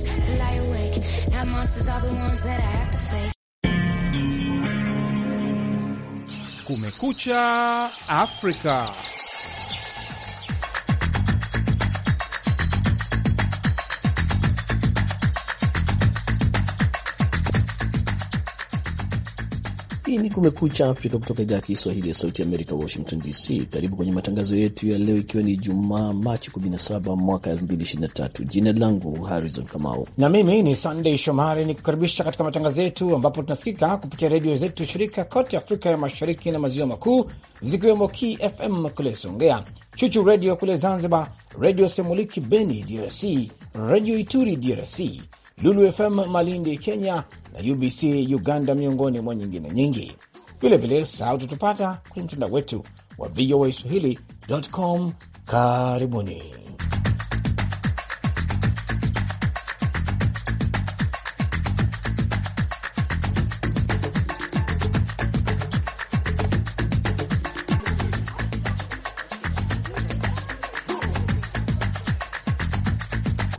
tools to lie awake. Now monsters are the ones that I have to face. Kumekucha Africa. Hii ni Kumekucha Afrika kutoka idhaa ya Kiswahili ya Sauti Amerika, Washington DC. Karibu kwenye matangazo yetu ya leo, ikiwa ni Jumaa Machi 17 mwaka 2023. Jina langu Harrison Kamau na mimi ni sandey Shomari, ni kukaribisha katika matangazo yetu ambapo tunasikika kupitia redio zetu shirika kote Afrika ya Mashariki na Maziwa Makuu, zikiwemo KFM kule Songea, Chuchu Redio kule Zanzibar, Redio Semuliki Beni DRC, Redio Ituri DRC, Lulu FM Malindi Kenya na UBC Uganda, miongoni mwa nyingine nyingi. Vilevile sahau tutupata kwenye mtandao wetu wa VOA Swahili.com. Karibuni.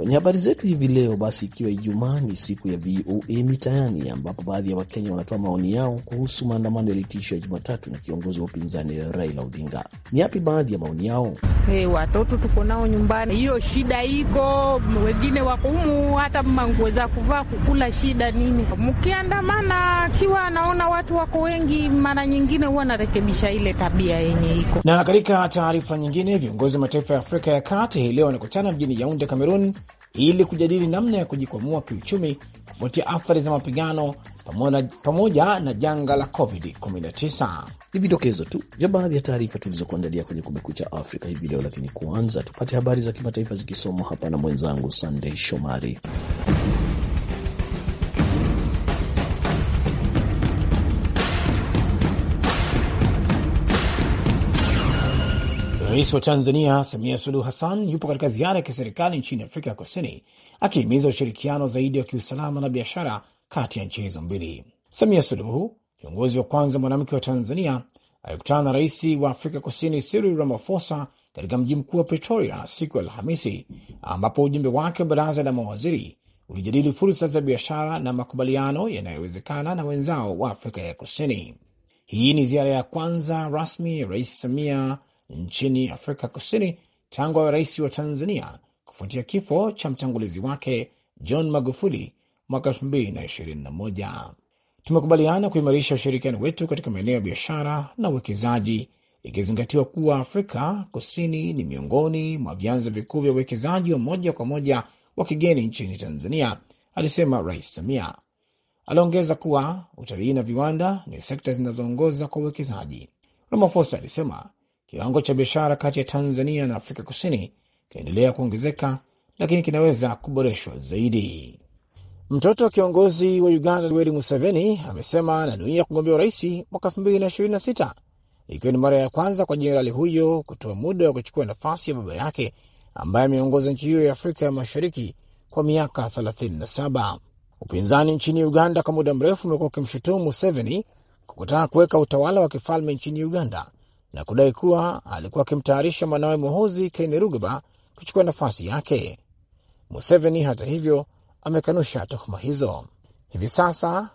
Kwenye habari zetu hivi leo basi, ikiwa Ijumaa ni siku ya VOA Mitaani, ambapo baadhi ya Wakenya wanatoa maoni yao kuhusu maandamano yaliitishwa Jumatatu na kiongozi wa upinzani Raila Odinga. Ni yapi baadhi ya maoni yao? Hey, watoto tuko nao nyumbani, hiyo shida iko, wengine wako humu, hata manguo za kuvaa, kukula, shida nini? Mkiandamana akiwa anaona watu wako wengi, mara nyingine huwa anarekebisha ile tabia yenye iko. Na katika taarifa nyingine, viongozi wa mataifa ya Afrika ya Kati hii leo wanakutana mjini Yaunde, Kamerun ili kujadili namna ya kujikwamua kiuchumi kufuatia athari za mapigano pamoja, pamoja na janga la COVID-19. Ni vidokezo tu vya baadhi ya taarifa tulizokuandalia kwenye Kumekucha Afrika hivi leo, lakini kwanza tupate habari za kimataifa zikisomwa hapa na mwenzangu Sandei Shomari. Rais wa Tanzania Samia Suluhu Hassan yupo katika ziara ya kiserikali nchini Afrika ya Kusini, akihimiza ushirikiano zaidi wa kiusalama na biashara kati ya nchi hizo mbili. Samia Suluhu, kiongozi wa kwanza mwanamke wa Tanzania, alikutana na rais wa Afrika Kusini Cyril Ramaphosa katika mji mkuu wa Pretoria siku ya Alhamisi, ambapo ujumbe wake wa baraza la mawaziri ulijadili fursa za biashara na makubaliano yanayowezekana na wenzao wa Afrika ya Kusini. Hii ni ziara ya kwanza rasmi ya Rais Samia nchini Afrika Kusini tangu awe rais wa Tanzania kufuatia kifo cha mtangulizi wake John Magufuli mwaka 2021. Tumekubaliana kuimarisha ushirikiano wetu katika maeneo ya biashara na uwekezaji, ikizingatiwa kuwa Afrika Kusini ni miongoni mwa vyanzo vikuu vya uwekezaji wa moja kwa moja wa kigeni nchini Tanzania, alisema Rais Samia. Aliongeza kuwa utalii na viwanda ni sekta zinazoongoza kwa uwekezaji. Ramaphosa alisema Kiwango cha biashara kati ya Tanzania na Afrika Kusini kinaendelea kuongezeka, lakini kinaweza kuboreshwa zaidi. Mtoto wa kiongozi wa Uganda Yoweri Museveni amesema ananuia kugombea urais mwaka 26 ikiwa ni mara ya kwanza kwa jenerali huyo kutoa muda wa kuchukua nafasi ya baba yake ambaye ameongoza nchi hiyo ya Afrika ya Mashariki kwa miaka 37. Upinzani nchini Uganda kwa muda mrefu umekuwa ukimshutumu Museveni kwa kutaka kuweka utawala wa kifalme nchini Uganda na kudai kuwa alikuwa akimtayarisha mwanawe Muhozi Kainerugaba kuchukua nafasi yake. Museveni hata hivyo amekanusha tuhuma hizo. Hivi sasa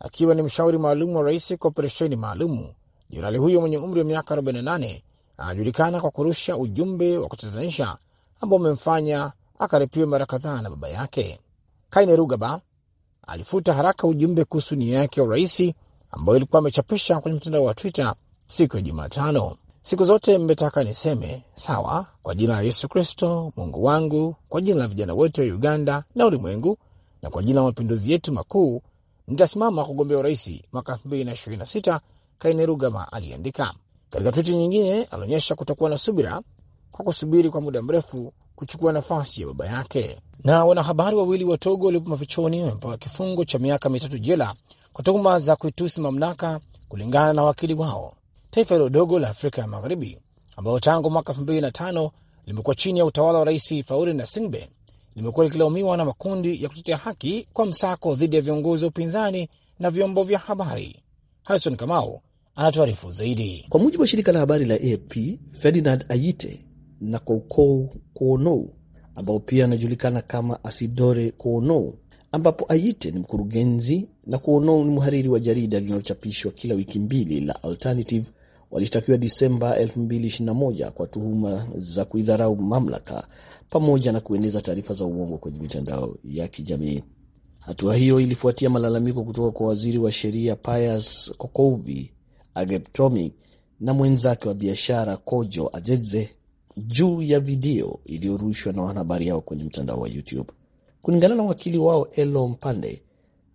akiwa ni mshauri maalum wa rais kwa operesheni maalumu, jenerali huyo mwenye umri wa miaka 48 anajulikana kwa kurusha ujumbe wa kutatanisha ambao umemfanya akaripiwa mara kadhaa na baba yake. Kainerugaba alifuta haraka ujumbe kuhusu nia yake ya urais ambayo ilikuwa amechapisha kwenye mtandao wa Twitter siku ya Jumatano. Siku zote mmetaka niseme sawa, kwa jina la Yesu Kristo Mungu wangu, kwa jina la vijana wote wa Uganda na ulimwengu, na kwa jina la mapinduzi yetu makuu, nitasimama kugombea urais mwaka 2026, Kainerugama aliandika. Katika twiti nyingine, alionyesha kutokuwa na subira kwa kusubiri kwa muda mrefu kuchukua nafasi ya baba yake. Na wanahabari wawili wa Togo waliopo mafichoni wamepewa kifungo cha miaka mitatu jela kwa tuhuma za kuitusi mamlaka, kulingana na wakili wao taifa hilo dogo la Afrika ya Magharibi ambalo tangu mwaka 2005 limekuwa chini ya utawala wa Rais Faure Gnassingbe limekuwa likilaumiwa na makundi ya kutetea haki kwa msako dhidi ya viongozi wa upinzani na vyombo vya habari. Harison Kamau anatuarifu zaidi. Kwa mujibu wa shirika la habari la AFP, Ferdinand Ayite na koukou Kuonou ambao pia anajulikana kama Asidore Kuonou, ambapo Ayite ni mkurugenzi na Kuonou ni mhariri wa jarida linalochapishwa kila wiki mbili la Alternative walishtakiwa Disemba 2021 kwa tuhuma za kuidharau mamlaka pamoja na kueneza taarifa za uongo kwenye mitandao ya kijamii. Hatua hiyo ilifuatia malalamiko kutoka kwa waziri wa sheria Pius Kokovi Ageptomi na mwenzake wa biashara Kojo Ajedze juu ya video iliyorushwa na wanahabari hao kwenye mtandao wa YouTube. Kulingana na wakili wao Elo Mpande,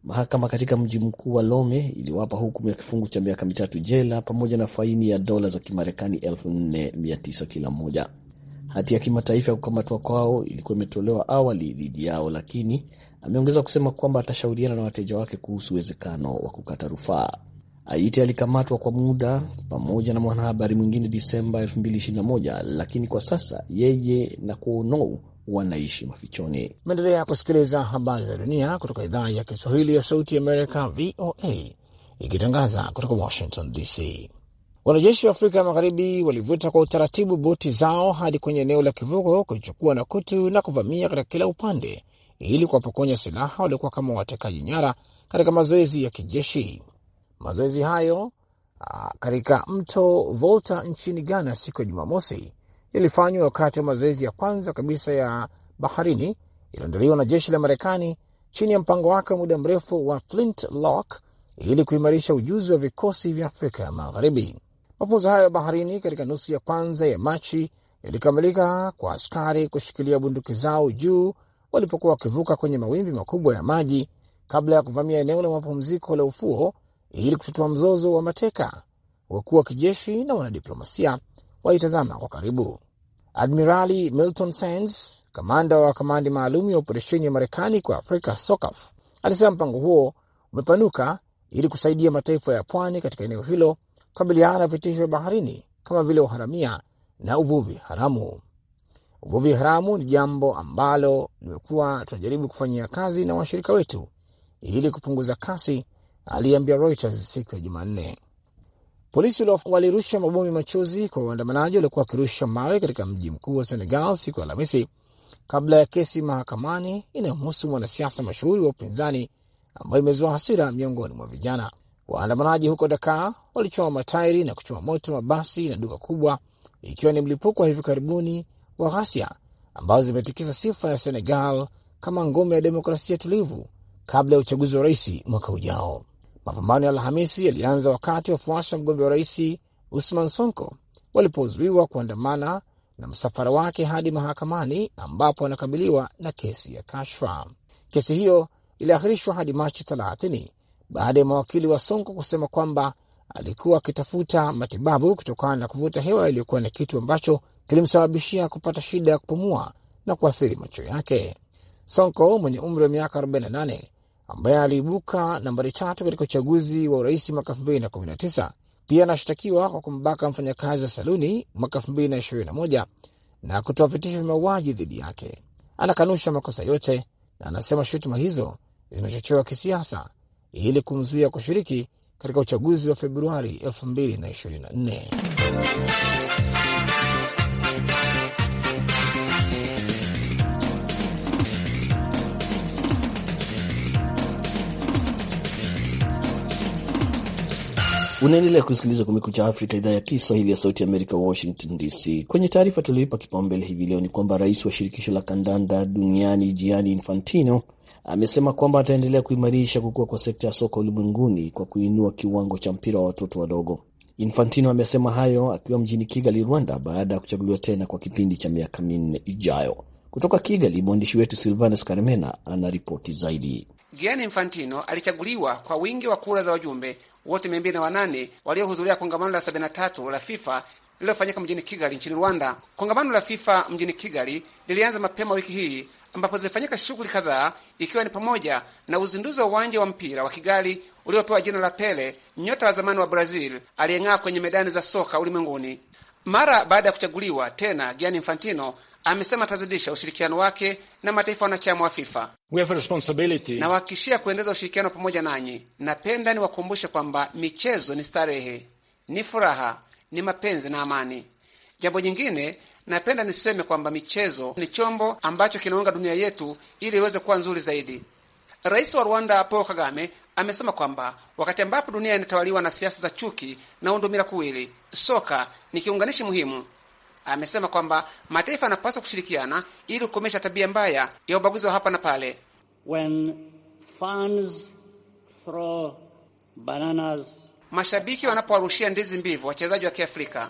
Mahakama katika mji mkuu wa Lome iliwapa hukumu ya kifungo cha miaka mitatu jela pamoja na faini ya dola za Kimarekani 49 kila mmoja. Hati ya kimataifa ya kukamatwa kwao ilikuwa imetolewa awali dhidi yao, lakini ameongeza kusema kwamba atashauriana na wateja wake kuhusu uwezekano wa kukata rufaa. Aite alikamatwa kwa muda pamoja na mwanahabari mwingine Disemba 2021, lakini kwa sasa yeye na Kuonou wanaishi mafichoni. Maendelea kusikiliza habari za dunia kutoka idhaa ya Kiswahili ya Sauti ya Amerika, VOA, ikitangaza kutoka Washington DC. Wanajeshi wa Afrika ya Magharibi walivuta kwa utaratibu boti zao hadi kwenye eneo la kivuko kilichokuwa na kutu na kuvamia katika kila upande ili kuwapokonya silaha waliokuwa kama watekaji nyara katika mazoezi ya kijeshi. Mazoezi hayo ah, katika mto Volta nchini Ghana siku ya Jumamosi yalifanywa wakati wa mazoezi ya kwanza kabisa ya baharini yaliyoandaliwa na jeshi la Marekani chini ya mpango wake wa muda mrefu wa Flint Lock ili kuimarisha ujuzi wa vikosi vya Afrika ya Magharibi. Mafunzo hayo ya baharini katika nusu ya kwanza ya Machi yalikamilika kwa askari kushikilia bunduki zao juu walipokuwa wakivuka kwenye mawimbi makubwa ya maji kabla ya kuvamia eneo la mapumziko la ufuo ili kutatua mzozo wa mateka, wakuu wa kijeshi na wanadiplomasia walitazama kwa karibu. Admirali Milton Sands, kamanda wa kamandi maalum ya operesheni ya Marekani kwa Afrika, SOCAF, alisema mpango huo umepanuka ili kusaidia mataifa ya pwani katika eneo hilo kukabiliana na vitisho vya baharini kama vile uharamia na uvuvi haramu. Uvuvi haramu ni jambo ambalo limekuwa tunajaribu kufanyia kazi na washirika wetu ili kupunguza kasi, aliyeambia Reuters siku ya Jumanne. Polisi walirusha mabomu ya machozi kwa waandamanaji waliokuwa wakirusha mawe katika mji mkuu wa Senegal siku ya Alhamisi kabla ya kesi mahakamani inayomhusu mwanasiasa mashuhuri wa upinzani ambayo imezua hasira miongoni mwa vijana. Waandamanaji huko Dakar walichoma matairi na kuchoma moto mabasi na duka kubwa, ikiwa ni mlipuko wa hivi karibuni wa ghasia ambazo zimetikisa sifa ya Senegal kama ngome ya demokrasia tulivu kabla ya uchaguzi wa rais mwaka ujao. Mapambano ya Alhamisi yalianza wakati wafuasi wa mgombea wa rais Usman Sonko walipozuiwa kuandamana na msafara wake hadi mahakamani ambapo anakabiliwa na kesi ya kashfa. Kesi hiyo iliahirishwa hadi Machi 30 baada ya mawakili wa Sonko kusema kwamba alikuwa akitafuta matibabu kutokana na kuvuta hewa iliyokuwa na kitu ambacho kilimsababishia kupata shida ya kupumua na kuathiri macho yake. Sonko mwenye umri wa miaka 48 ambaye aliibuka nambari tatu katika uchaguzi wa urais mwaka 2019 pia anashtakiwa kwa kumbaka mfanyakazi wa saluni mwaka 2021 na kutoa vitisho vya mauaji dhidi yake. Anakanusha makosa yote na anasema shutuma hizo zimechochewa kisiasa ili kumzuia kushiriki katika uchaguzi wa Februari 2024. Unaendelea kusikiliza Kumekucha Afrika, idhaa ya Kiswahili ya Sauti Amerika, Washington DC. Kwenye taarifa tulioipa kipaumbele hivi leo ni kwamba rais wa shirikisho la kandanda duniani Gianni Infantino amesema kwamba ataendelea kuimarisha kukua kwa sekta ya soka ulimwenguni kwa kuinua kiwango cha mpira wa watoto wadogo. Infantino amesema hayo akiwa mjini Kigali, Rwanda, baada ya kuchaguliwa tena kwa kipindi cha miaka minne ijayo. Kutoka Kigali, mwandishi wetu Silvanus karmena ana ripoti zaidi. Gianni Infantino alichaguliwa kwa wingi wa kura za wajumbe wote 208 waliohudhuria kongamano la 73 la FIFA lililofanyika mjini Kigali nchini Rwanda. Kongamano la FIFA mjini Kigali lilianza mapema wiki hii ambapo zilifanyika shughuli kadhaa ikiwa ni pamoja na uzinduzi wa uwanja wa mpira wa Kigali uliopewa jina la Pele, nyota wa zamani wa Brazil aliyeng'aa kwenye medani za soka ulimwenguni. Mara baada ya kuchaguliwa tena, Gianni Infantino amesema atazidisha ushirikiano wake na mataifa wanachama wa FIFA. Nawahakikishia kuendeza ushirikiano pamoja nanyi. Napenda niwakumbushe kwamba michezo ni starehe, ni furaha, ni mapenzi na amani. Jambo jingine, napenda niseme kwamba michezo ni chombo ambacho kinaunga dunia yetu ili iweze kuwa nzuri zaidi. Rais wa Rwanda Paul Kagame amesema kwamba wakati ambapo dunia inatawaliwa na siasa za chuki na undumila kuwili, soka ni kiunganishi muhimu Amesema kwamba mataifa yanapaswa kushirikiana ili kukomesha tabia mbaya ya ubaguzi wa hapa na pale. When fans throw bananas, mashabiki wanapowarushia ndizi mbivu wachezaji wa Kiafrika.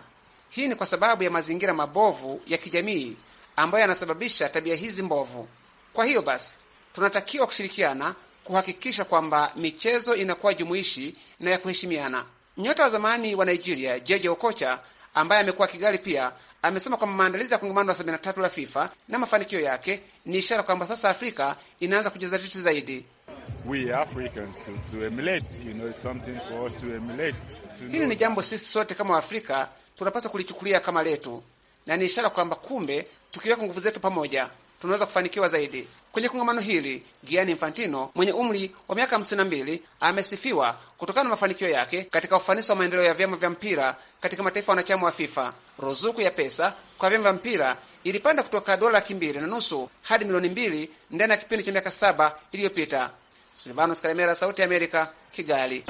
Hii ni kwa sababu ya mazingira mabovu ya kijamii ambayo yanasababisha tabia hizi mbovu. Kwa hiyo basi, tunatakiwa kushirikiana kuhakikisha kwamba michezo inakuwa jumuishi na ya kuheshimiana. Nyota wa zamani wa Nigeria Jeje Okocha ambaye amekuwa Kigali pia amesema kwamba maandalizi ya kongamano la 73 la FIFA na mafanikio yake ni ishara kwamba sasa Afrika inaanza kujizatiti zaidi. hili ni jambo sisi sote kama Waafrika tunapaswa kulichukulia kama letu, na ni ishara kwamba kumbe tukiweka nguvu zetu pamoja tunaweza kufanikiwa zaidi. Kwenye kongamano hili, Gianni Infantino mwenye umri wa miaka 52 amesifiwa kutokana na mafanikio yake katika ufanisi wa maendeleo ya vyama vya mpira katika mataifa wanachama wa FIFA ruzuku ya pesa kwa vyama vya mpira ilipanda kutoka dola laki mbili na nusu hadi milioni mbili ndani ya kipindi cha miaka saba iliyopita. Silvanos Kalemera, Sauti ya Amerika, Kigali.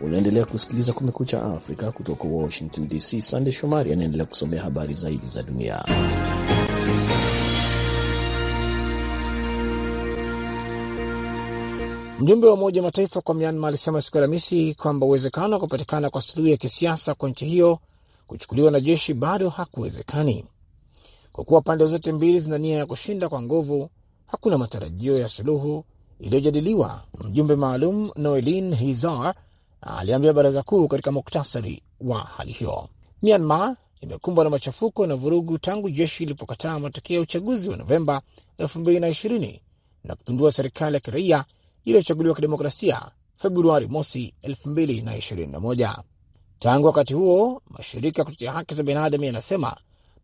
Unaendelea kusikiliza Kumekucha Afrika kutoka Washington DC. Sande Shomari anaendelea kusomea habari zaidi za dunia. Mjumbe wa Umoja Mataifa kwa Myanmar alisema siku Alhamisi kwamba uwezekano wa kupatikana kwa suluhu ya kisiasa kwa nchi hiyo kuchukuliwa na jeshi bado hakuwezekani kwa kuwa pande zote mbili zina nia ya kushinda kwa nguvu. Hakuna matarajio ya suluhu iliyojadiliwa, mjumbe maalum noelin Hizar aliambia baraza kuu katika muktasari wa hali hiyo. Myanmar imekumbwa na machafuko na vurugu tangu jeshi ilipokataa matokeo ya uchaguzi wa Novemba 2020 na kupindua serikali ya kiraia iliyochaguliwa kidemokrasia Februari mosi 2021. Tangu wakati huo, mashirika ya kutetea haki za binadamu yanasema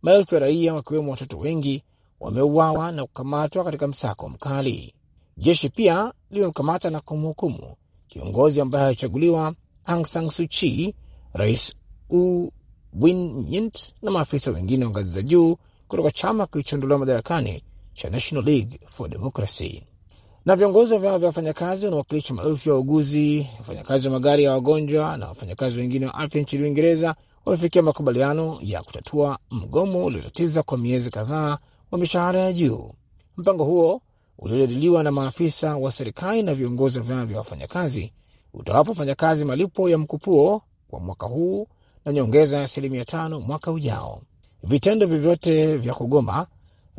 maelfu ya raia wakiwemo watoto wengi wameuawa na kukamatwa katika msako mkali. Jeshi pia limemkamata na kumhukumu kiongozi ambaye alichaguliwa Aung San Suu Kyi, Rais U Win Myint na maafisa wengine wa ngazi za juu kutoka chama kilichoondolewa madarakani cha National League for Democracy. Na viongozi wa vyama vya wafanyakazi wanawakilisha maelfu ya wauguzi, wafanyakazi wa magari ya wagonjwa na wafanyakazi wengine wa afya nchini Uingereza wamefikia makubaliano ya kutatua mgomo uliotatiza kwa miezi kadhaa wa mishahara ya juu. Mpango huo uliojadiliwa na maafisa wa serikali na viongozi wa vyama vya wafanyakazi utawapa wafanyakazi malipo ya mkupuo kwa mwaka huu na nyongeza ya asilimia tano mwaka ujao. Vitendo vyovyote vya kugoma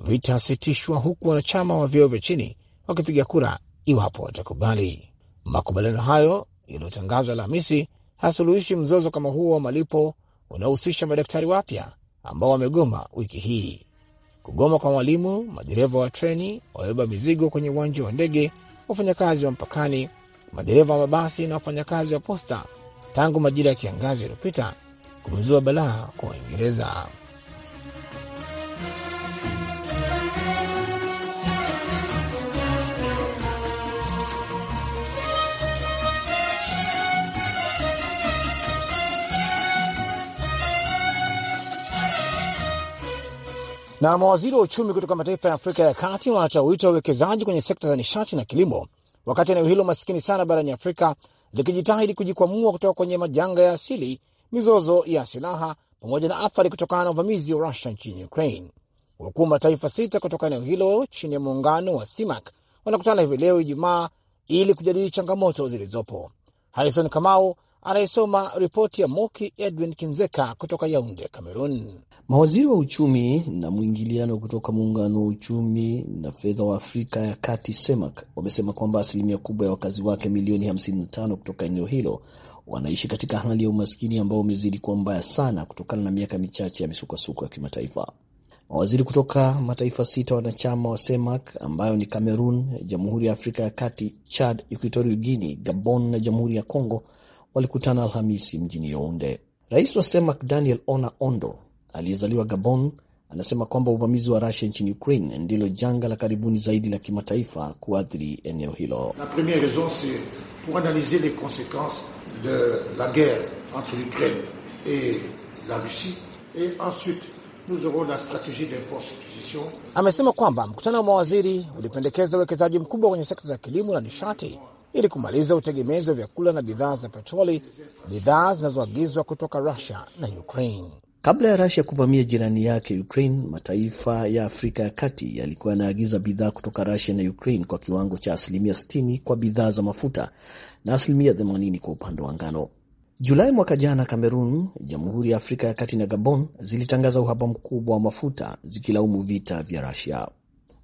vitasitishwa huku wanachama wa vyeo vya chini wakipiga kura iwapo watakubali. Makubaliano hayo yaliyotangazwa Alhamisi hasuluhishi mzozo kama huo wa malipo unaohusisha madaktari wapya ambao wamegoma wiki hii. Kugoma kwa walimu, madereva wa treni, wabeba mizigo kwenye uwanja wa ndege, wafanyakazi wa mpakani, madereva wa mabasi na wafanyakazi wa posta tangu majira ya kiangazi yaliyopita kumezua balaa kwa Waingereza. Na mawaziri wa uchumi kutoka mataifa ya Afrika ya Kati wanatoa wito wa uwekezaji kwenye sekta za nishati na kilimo, wakati eneo hilo masikini sana barani Afrika likijitahidi kujikwamua kutoka kwenye majanga ya asili, mizozo ya silaha pamoja na athari kutokana na uvamizi wa Rusia nchini Ukraine. Wakuu mataifa sita kutoka eneo hilo chini ya muungano wa CIMAC wanakutana hivi leo Ijumaa ili kujadili changamoto zilizopo. Harison Kamau anayesoma ripoti ya Moki Edwin Kinzeka kutoka Yaunde, cameron Mawaziri wa uchumi na mwingiliano kutoka muungano wa uchumi na fedha wa Afrika ya Kati, semak wamesema kwamba asilimia kubwa ya wakazi wake milioni 55 kutoka eneo hilo wanaishi katika hali ya umaskini ambao umezidi kuwa mbaya sana kutokana na miaka michache ya misukosuko ya kimataifa. Mawaziri kutoka mataifa sita wanachama wa semak ambayo ni Cameroon, Jamhuri ya Afrika ya Kati, Chad, Equatorial Guinea, Gabon na Jamhuri ya Congo walikutana Alhamisi mjini younde Rais wa CEMAC Daniel Ona Ondo aliyezaliwa Gabon anasema kwamba uvamizi wa Rusia nchini Ukraine ndilo janga la karibuni zaidi la kimataifa kuathiri eneo hilo. Amesema kwamba mkutano wa mawaziri ulipendekeza uwekezaji mkubwa kwenye sekta za kilimo na nishati ili kumaliza utegemezi wa vyakula na bidhaa za petroli, bidhaa zinazoagizwa kutoka Rusia na Ukraine. Kabla ya Rusia kuvamia jirani yake Ukraine, mataifa ya Afrika ya kati yalikuwa yanaagiza bidhaa kutoka Rusia na Ukraine kwa kiwango cha asilimia 60 kwa bidhaa za mafuta na asilimia 80 kwa upande wa ngano. Julai mwaka jana, Cameroon, Jamhuri ya Afrika ya Kati na Gabon zilitangaza uhaba mkubwa wa mafuta zikilaumu vita vya Rusia.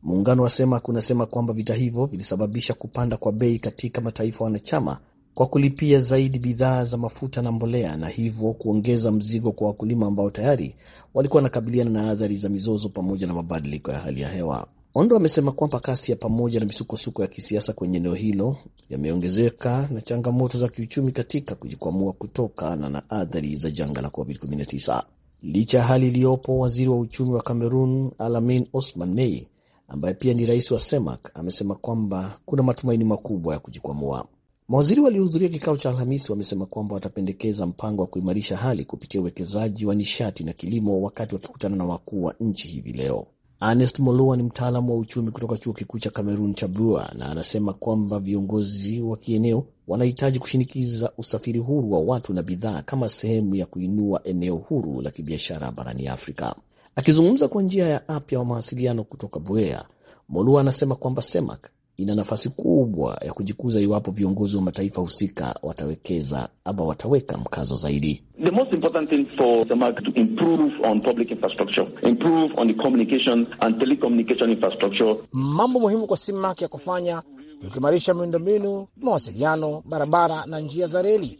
Muungano wa semak unasema kwamba vita hivyo vilisababisha kupanda kwa bei katika mataifa wanachama kwa kulipia zaidi bidhaa za mafuta na mbolea na hivyo kuongeza mzigo kwa wakulima ambao tayari walikuwa wanakabiliana na athari za mizozo pamoja na mabadiliko ya hali ya hewa. Ondo amesema kwamba kasi ya pamoja na misukosuko ya kisiasa kwenye eneo hilo yameongezeka na changamoto za kiuchumi katika kujikwamua kutokana na athari za janga la COVID-19. Licha ya hali iliyopo, waziri wa uchumi wa Cameroon Alamin Osman Mey ambaye pia ni rais wa semak amesema kwamba kuna matumaini makubwa ya kujikwamua. Mawaziri waliohudhuria kikao cha Alhamisi wamesema kwamba watapendekeza mpango wa kuimarisha hali kupitia uwekezaji wa nishati na kilimo, wakati wakikutana na wakuu wa nchi hivi leo. Ernest Moloa ni mtaalamu wa uchumi kutoka chuo kikuu cha Cameroon cha Bua, na anasema kwamba viongozi wa kieneo wanahitaji kushinikiza usafiri huru wa watu na bidhaa kama sehemu ya kuinua eneo huru la kibiashara barani Afrika. Akizungumza kwa njia ya app ya mawasiliano kutoka Buea, Molua anasema kwamba semak ina nafasi kubwa ya kujikuza iwapo viongozi wa mataifa husika watawekeza ama wataweka mkazo zaidi. The most important thing for to improve on public infrastructure, improve on the communication and telecommunication infrastructure. Mambo muhimu kwa simak ya kufanya ni kuimarisha miundombinu, mawasiliano, barabara na njia za reli.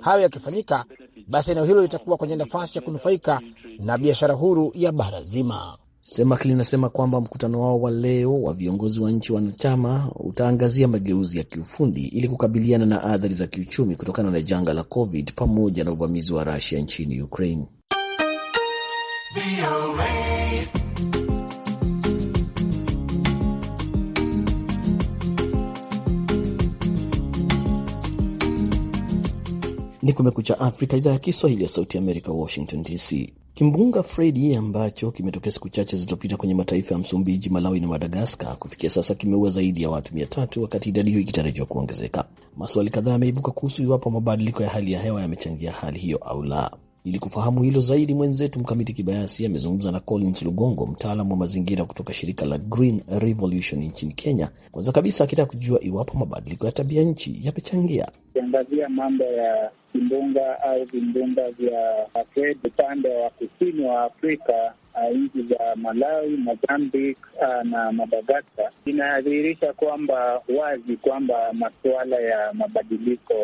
Hayo yakifanyika basi eneo hilo litakuwa kwenye nafasi ya kunufaika na biashara huru ya bara zima. Semak linasema kwamba mkutano wao wa leo wa viongozi wa nchi wanachama utaangazia mageuzi ya kiufundi ili kukabiliana na athari za kiuchumi kutokana na janga la COVID pamoja na uvamizi wa Rusia nchini Ukraine. Ni Kumekucha Afrika, idhaa ya Kiswahili ya Sauti Amerika, Washington DC. Kimbunga Fredi ambacho kimetokea siku chache zilizopita kwenye mataifa ya Msumbiji, Malawi na Madagaskar, kufikia sasa kimeua zaidi ya watu mia tatu, wakati idadi hiyo ikitarajiwa kuongezeka. Maswali kadhaa yameibuka kuhusu iwapo mabadiliko ya hali ya hewa yamechangia hali hiyo au la. Ili kufahamu hilo zaidi, mwenzetu Mkamiti Kibayasi amezungumza na Collins Lugongo, mtaalamu wa mazingira kutoka shirika la Green Revolution nchini Kenya, kwanza kabisa akitaka kujua iwapo mabadiliko ya tabia nchi yamechangia kiangazia mambo ya vimbunga au vimbunga vya Fred upande wa kusini wa Afrika, nchi za Malawi, Mozambik na Madagaskar, inadhihirisha kwamba wazi kwamba masuala ya mabadiliko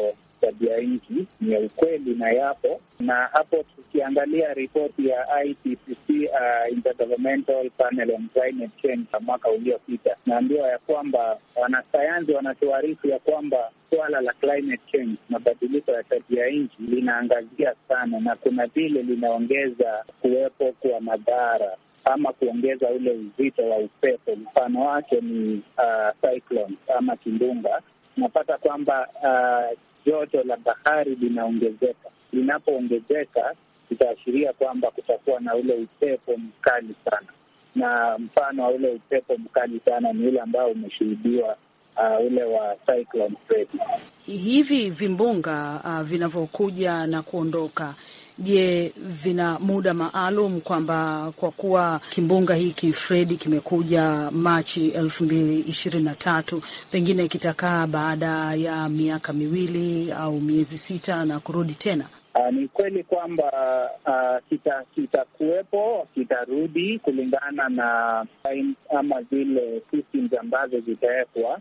tabia nchi ni ya ukweli na yapo, na hapo tukiangalia ripoti ya IPCC, uh, Intergovernmental Panel on Climate Change ya mwaka uliopita, naambiwa ya kwamba wanasayansi wanatuarifu ya kwamba suala la climate change, mabadiliko ya tabia nchi linaangazia sana, na kuna vile linaongeza kuwepo kwa madhara ama kuongeza ule uzito wa upepo. Mfano wake ni uh, cyclone ama kindunga. Unapata kwamba uh, joto la bahari linaongezeka. Linapoongezeka itaashiria kwamba kutakuwa na ule upepo mkali sana, na mfano wa ule upepo mkali sana ni ule ambao umeshuhudiwa uh, ule wa cyclone Hivi vimbunga uh, vinavyokuja na kuondoka Je, vina muda maalum kwamba kwa kuwa kimbunga hiki Fredi kimekuja Machi elfu mbili ishirini na tatu pengine kitakaa baada ya miaka miwili au miezi sita na kurudi tena? Uh, ni kweli kwamba uh, kitakuwepo kita kitarudi kulingana na ama zile systems ambazo zitawekwa.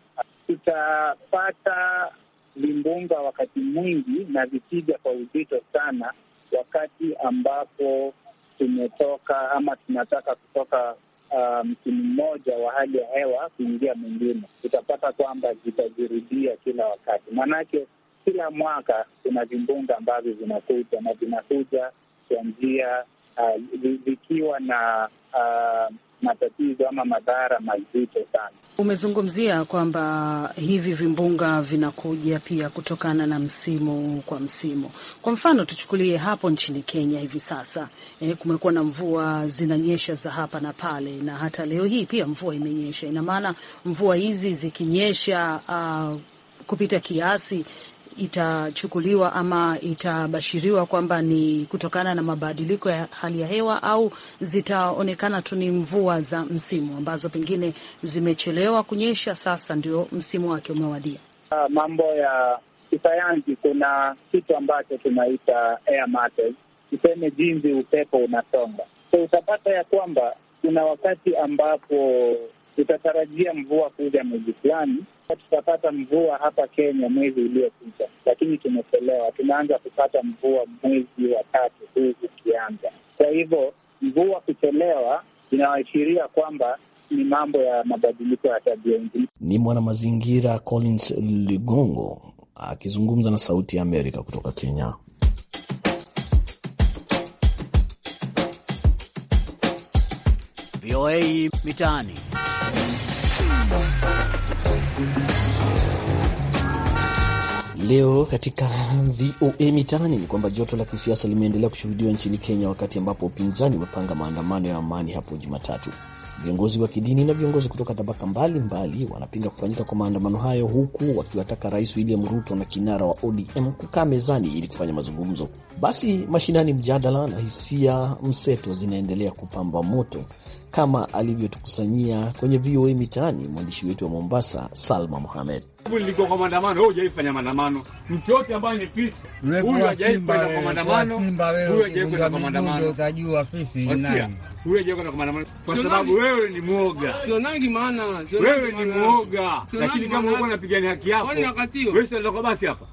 Tutapata vimbunga wakati mwingi na vikija kwa uzito sana, wakati ambapo tumetoka ama tunataka kutoka ah, msimu um, mmoja wa hali ya hewa kuingia mwingine, tutapata kwamba zitajirudia kila wakati maanake kila mwaka kuna vimbunga ambavyo vinakuja na vinakuja kwa njia uh, vikiwa uh, na uh, matatizo ama madhara mazito sana. Umezungumzia kwamba hivi vimbunga vinakuja pia kutokana na msimu kwa msimu. Kwa mfano tuchukulie hapo nchini Kenya hivi sasa e, kumekuwa na mvua zinanyesha za hapa na pale, na hata leo hii pia mvua imenyesha. Ina maana mvua hizi zikinyesha uh, kupita kiasi itachukuliwa ama itabashiriwa kwamba ni kutokana na mabadiliko ya hali ya hewa au zitaonekana tu ni mvua za msimu ambazo pengine zimechelewa kunyesha, sasa ndio msimu wake umewadia? Uh, mambo ya kisayansi, kuna kitu ambacho tunaita air masses, tuseme jinsi upepo unasonga. So utapata ya kwamba kuna wakati ambapo tutatarajia mvua kuja mwezi fulani tutapata mvua hapa Kenya mwezi uliopita, lakini tumechelewa. tunaanza kupata mvua mwezi wa tatu huu ukianza. Kwa hivyo mvua kuchelewa inaashiria kwamba ni mambo ya mabadiliko ya tabia nchi. Ni mwanamazingira Collins Ligongo akizungumza na Sauti ya Amerika kutoka Kenya. VOA Mitaani. Leo katika VOA Mitaani ni kwamba joto la kisiasa limeendelea kushuhudiwa nchini Kenya, wakati ambapo upinzani umepanga maandamano ya amani hapo Jumatatu. Viongozi wa kidini na viongozi kutoka tabaka mbalimbali wanapinga kufanyika kwa maandamano hayo, huku wakiwataka Rais William Ruto na kinara wa ODM kukaa mezani ili kufanya mazungumzo. Basi mashinani, mjadala na hisia mseto zinaendelea kupamba moto, kama alivyotukusanyia kwenye VOA Mitaani mwandishi wetu wa Mombasa, Salma muhamed Nilikuwa kwa maandamano, wewe maandamano. Mtu yote ambaye ni fisi, huyu hajawahi kwa maandamano, huyu kwa maandamano, utajua fisi ni nani. Ule joka nakumaana kwa sababu wewe ni muoga. nangi maana. Wewe ni muoga. Lakini kama uko unapigania haki yako. Wewe sio ndoko basi hapa.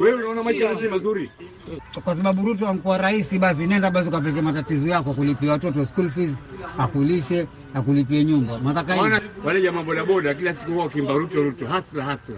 Wewe unaona maisha yako mazuri. Kwa sababu Ruto amkuwa rais basi nenda basi ukapeke matatizo yako kulipia watoto school fees, akulishe na kulipia nyumba. Mnataka wale jamaa boda boda kila siku huwa kimba Ruto Ruto, hasla hasla,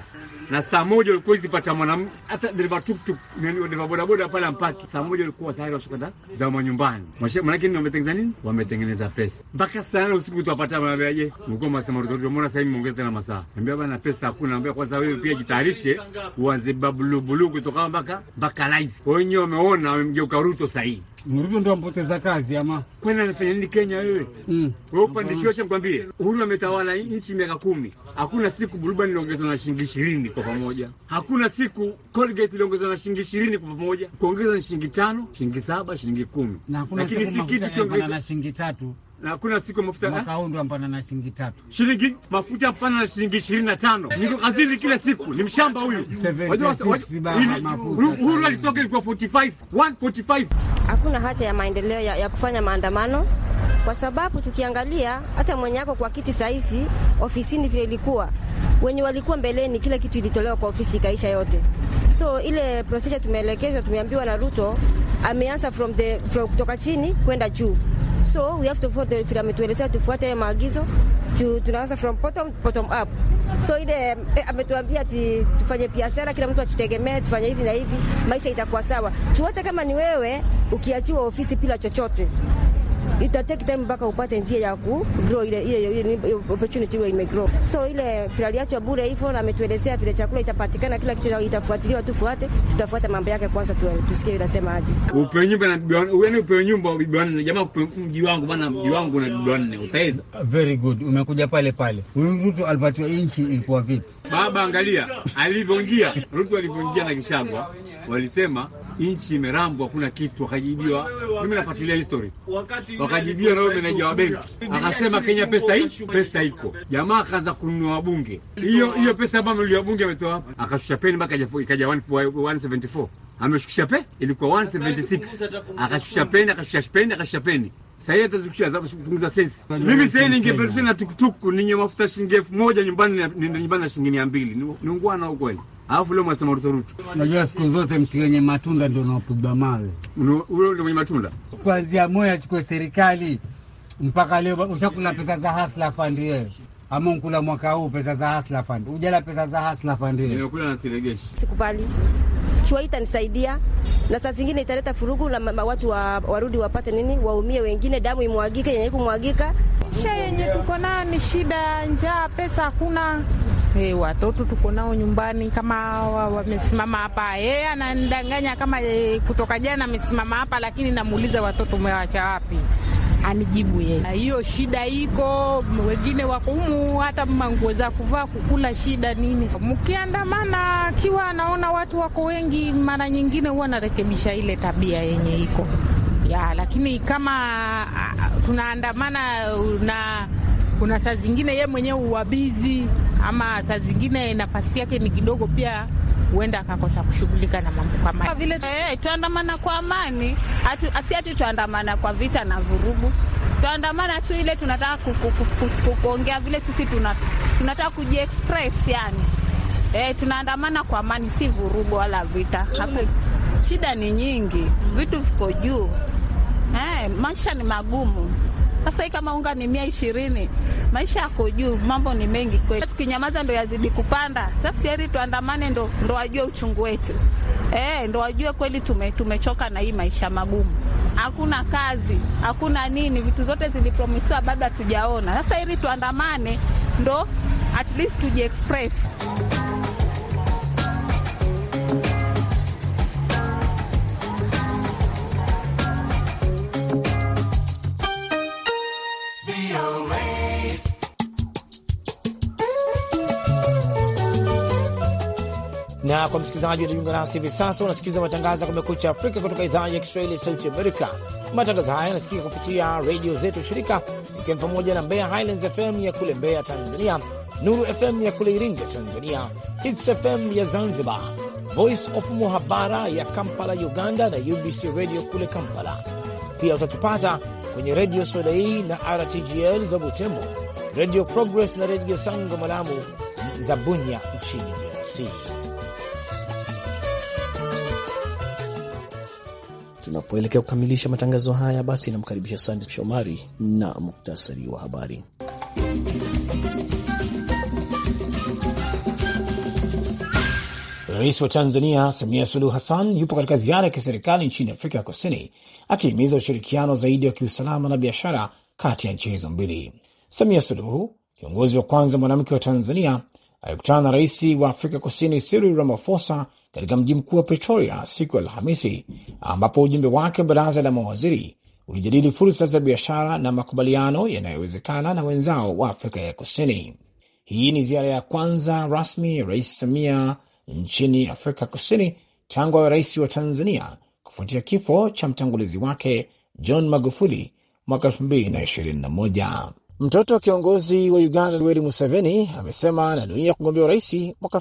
na saa moja ulikuwa izipata mwanamke hata dereva tuktuk dereva boda boda pale ampaki saa moja ulikuwa tayari washukada za manyumbani, maanake ni wametengeneza nini, wametengeneza pesa mpaka saa sana usiku utapata mnaambiaje, mlikuwa sema Ruto Ruto, mbona sasa hivi mongeza tena masaa? Niambia bana, pesa hakuna. Niambia kwanza wewe pia jitayarishe uanze babulubulu kutoka mpaka mpaka rais wenyewe wameona wamemgeuka Ruto sahihi Mlivyo ndio mpoteza kazi ama kwani anafanya nini Kenya wewe? Mm. Wewe upandishiwa cha mkwambie. Huyu ametawala nchi miaka kumi. Hakuna siku burubani iliongezwa na shilingi ishirini kwa pamoja. Hakuna siku Colgate iliongezwa na shilingi ishirini kwa pamoja. Kuongeza ni shilingi tano, shilingi saba, shilingi kumi. Na hakuna siku kiongezwa na shilingi tatu na hakuna siku mafuta eh? mwaka huu ndo mpana na shilingi tatu shilingi mafuta mpana na shilingi ishirini na tano eh. niko kazini kila siku, ni mshamba huyu. Uhuru alitoka ilikuwa 45 145. Hakuna haja ya maendeleo ya, ya kufanya maandamano kwa sababu tukiangalia hata mwenye ako kwa kiti sahizi ofisini vile ilikuwa wenye walikuwa mbeleni, kila kitu ilitolewa kwa ofisi ikaisha yote. So ile procedure tumeelekezwa, tumeambiwa na Ruto ameanza from the from kutoka chini kwenda juu So we have to follow, vile ametuelezea tufuate maagizo, tunaanza from bottom, bottom up. So ile eh, ametuambia ati tufanye biashara, kila mtu ajitegemee, tufanye hivi na hivi, maisha itakuwa sawa. Tuote kama ni wewe ukiachiwa ofisi bila chochote ita take time mpaka upate njia ya ku grow ile ile ile opportunity ime grow. So ile eh, filali yacho bure hivyo, na ametuelezea vile chakula itapatikana, kila kitu itafuatiliwa, tufuate, tutafuata mambo yake kwanza, tusikie inasema aje. Upewe nyumba na bibi wangu, yani upewe nyumba bibi wangu, jamaa upewe mji wangu bana, mji wangu na bibi wangu, utaweza? Very good, umekuja pale pale. Huyu mtu alipatiwa inchi ilikuwa vipi? Baba, angalia alivyoingia Ruto, alivyoingia na Gishagwa walisema nchi imerambwa, hakuna kitu. Wakajibiwa, mimi nafuatilia history, wakajibiwa na meneja wa benki akasema Kenya pesa hii, pesa iko. Jamaa akaanza kununua wabunge, hiyo hiyo pesa ambayo wabunge wametoa hapa, akashusha peni mpaka ikaja 174 ameshukisha pe ilikuwa 176 akashusha peni, akashusha peni, akashusha peni Sahii hata tukishazabu kupunguza sensi. Mimi sahii ningeperusi na tukutuku ninye mafuta shilingi elfu moja nyumbani na nyumbani na shilingi mia mbili ni ungwana ukweli. Alafu leo mwasema rutorutu. Unajua siku zote mtu wenye matunda ndio unaopigwa mawe. Ule ndio mwenye matunda. Kuanzia moyo achukue serikali mpaka leo ushakula pesa za hasla fund wewe. Ama unkula mwaka huu pesa za hasla fund. Ujala pesa za hasla fund wewe. Nimekula na siregeshi. Sikubali. Mashua itanisaidia na saa zingine italeta furugu na watu wa, warudi wapate nini, waumie wengine, damu imwagike yenye kumwagika. Maisha yenye tuko nayo ni shida, njaa, pesa hakuna. Hey, watoto tuko nao nyumbani kama wamesimama hapa. Yeye anandanganya kama eh, kutoka jana amesimama hapa, lakini namuuliza watoto umewacha wapi? anijibu yeye. Hiyo shida iko, wengine wako humu, hata manguo za kuvaa kukula shida nini. Mkiandamana akiwa anaona watu wako wengi, mara nyingine huwa anarekebisha ile tabia yenye iko ya, lakini kama tunaandamana na kuna saa zingine ye mwenyewe uwabizi ama saa zingine nafasi yake ni kidogo pia huenda akakosa kushughulika na mambo kama Vile hey, eh, tuandamana kwa amani, si ati tuandamana kwa vita na vurugu. Tuandamana tu ile tunataka kuongea vile sisi tunataka kujiexpress, yani hey, eh, tunaandamana kwa amani, si vurugu wala vita. Hapo shida ni nyingi, vitu viko juu. Hey, eh, maisha ni magumu sasa hii kama unga ni mia ishirini, maisha yako juu, mambo ni mengi kweli. Tukinyamaza ndo yazidi kupanda. Sasa heri tuandamane, ndo ndo wajue uchungu wetu e, eh, ndo wajue kweli tume, tumechoka na hii maisha magumu, hakuna kazi, hakuna nini, vitu zote zilipromisiwa bado hatujaona. Sasa heri tuandamane, ndo at least tujiexpress. kwa msikilizaji unajiunga nasi hivi sasa, unasikiliza matangazo ya Kumekucha Afrika kutoka idhaa ya Kiswahili ya Sauti Amerika. Matangazo haya yanasikika kupitia redio zetu shirika, ikiwa ni pamoja na Mbeya Highlands FM ya kule Mbeya, Tanzania, Nuru FM ya kule Iringa, Tanzania, Hits FM ya Zanzibar, Voice of Muhabara ya Kampala, Uganda, na UBC Radio kule Kampala. Pia utatupata kwenye redio Soleil na RTGL za Butembo, Radio Progress na redio Sango Malamu za Bunya nchini DRC. Tunapoelekea kukamilisha matangazo haya, basi namkaribisha Sande Shomari na muktasari wa habari. Rais wa Tanzania Samia Suluhu Hassan yupo katika ziara ya kiserikali nchini Afrika ya Kusini, akihimiza ushirikiano zaidi wa kiusalama na biashara kati ya nchi hizo mbili. Samia Suluhu, kiongozi wa kwanza mwanamke wa Tanzania alikutana na rais wa Afrika Kusini Cyril Ramaphosa katika mji mkuu wa Pretoria siku ya Alhamisi, ambapo ujumbe wake baraza la mawaziri ulijadili fursa za biashara na makubaliano yanayowezekana na wenzao wa Afrika ya Kusini. Hii ni ziara ya kwanza rasmi ya Rais Samia nchini Afrika Kusini tangu awe rais wa Tanzania kufuatia kifo cha mtangulizi wake John Magufuli mwaka 2021. Mtoto wa kiongozi wa Uganda Yoweri Museveni amesema ananuia kugombea urais mwaka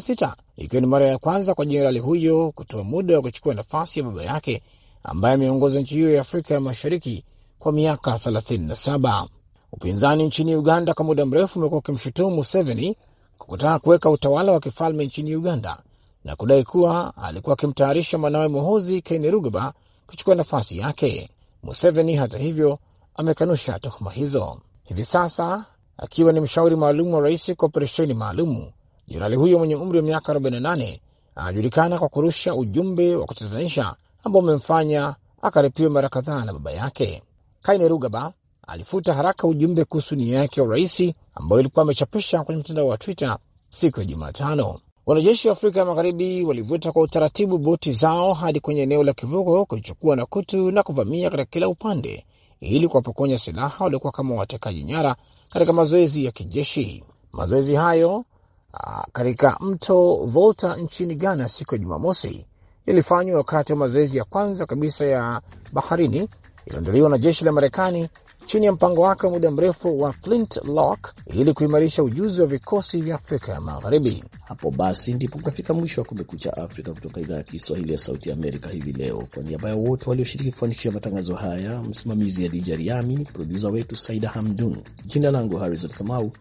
sita ikiwa ni mara ya kwanza kwa jenerali huyo kutoa muda wa kuchukua nafasi ya baba yake ambaye ameongoza nchi hiyo ya Afrika ya Mashariki kwa miaka 37. Upinzani nchini Uganda kwa muda mrefu umekuwa ukimshutumu Museveni kwa kutaka kuweka utawala wa kifalme nchini Uganda na kudai kuwa alikuwa akimtayarisha mwanawe Muhoozi Kainerugaba kuchukua nafasi yake. Museveni hata hivyo amekanusha tuhuma hizo. Hivi sasa akiwa ni mshauri maalum wa rais kwa operesheni maalumu, jenerali huyo mwenye umri wa miaka 48 anajulikana kwa kurusha ujumbe wa kutatanisha ambao umemfanya akaripiwa mara kadhaa na baba yake. Kainerugaba alifuta haraka ujumbe kuhusu nia yake ya urais ambayo ilikuwa amechapisha kwenye mtandao wa Twitter siku ya Jumatano. Wanajeshi wa Afrika ya Magharibi walivuta kwa utaratibu boti zao hadi kwenye eneo la kivuko kilichokuwa na kutu na kuvamia katika kila upande ili kuwapokonya silaha waliokuwa kama watekaji nyara katika mazoezi ya kijeshi. Mazoezi hayo ah, katika mto Volta nchini Ghana siku ya Jumamosi yalifanywa wakati wa mazoezi ya kwanza kabisa ya baharini yaliyoandaliwa na jeshi la Marekani chini ya mpango wake wa muda mrefu wa Flint Lock ili kuimarisha ujuzi wa vikosi vya Afrika ya Magharibi. Hapo basi ndipo kunafika mwisho wa Kumekucha Afrika kutoka idhaa ya Kiswahili ya Sauti ya Amerika hivi leo. Kwa niaba ya wote walioshiriki kufanikisha matangazo haya, msimamizi Adija Riami, produsa wetu Saida Hamdun, jina langu Harrison Kamau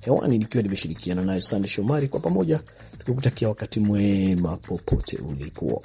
hewani nikiwa nimeshirikiana naye Sande Shomari, kwa pamoja tukikutakia wakati mwema popote ulipo.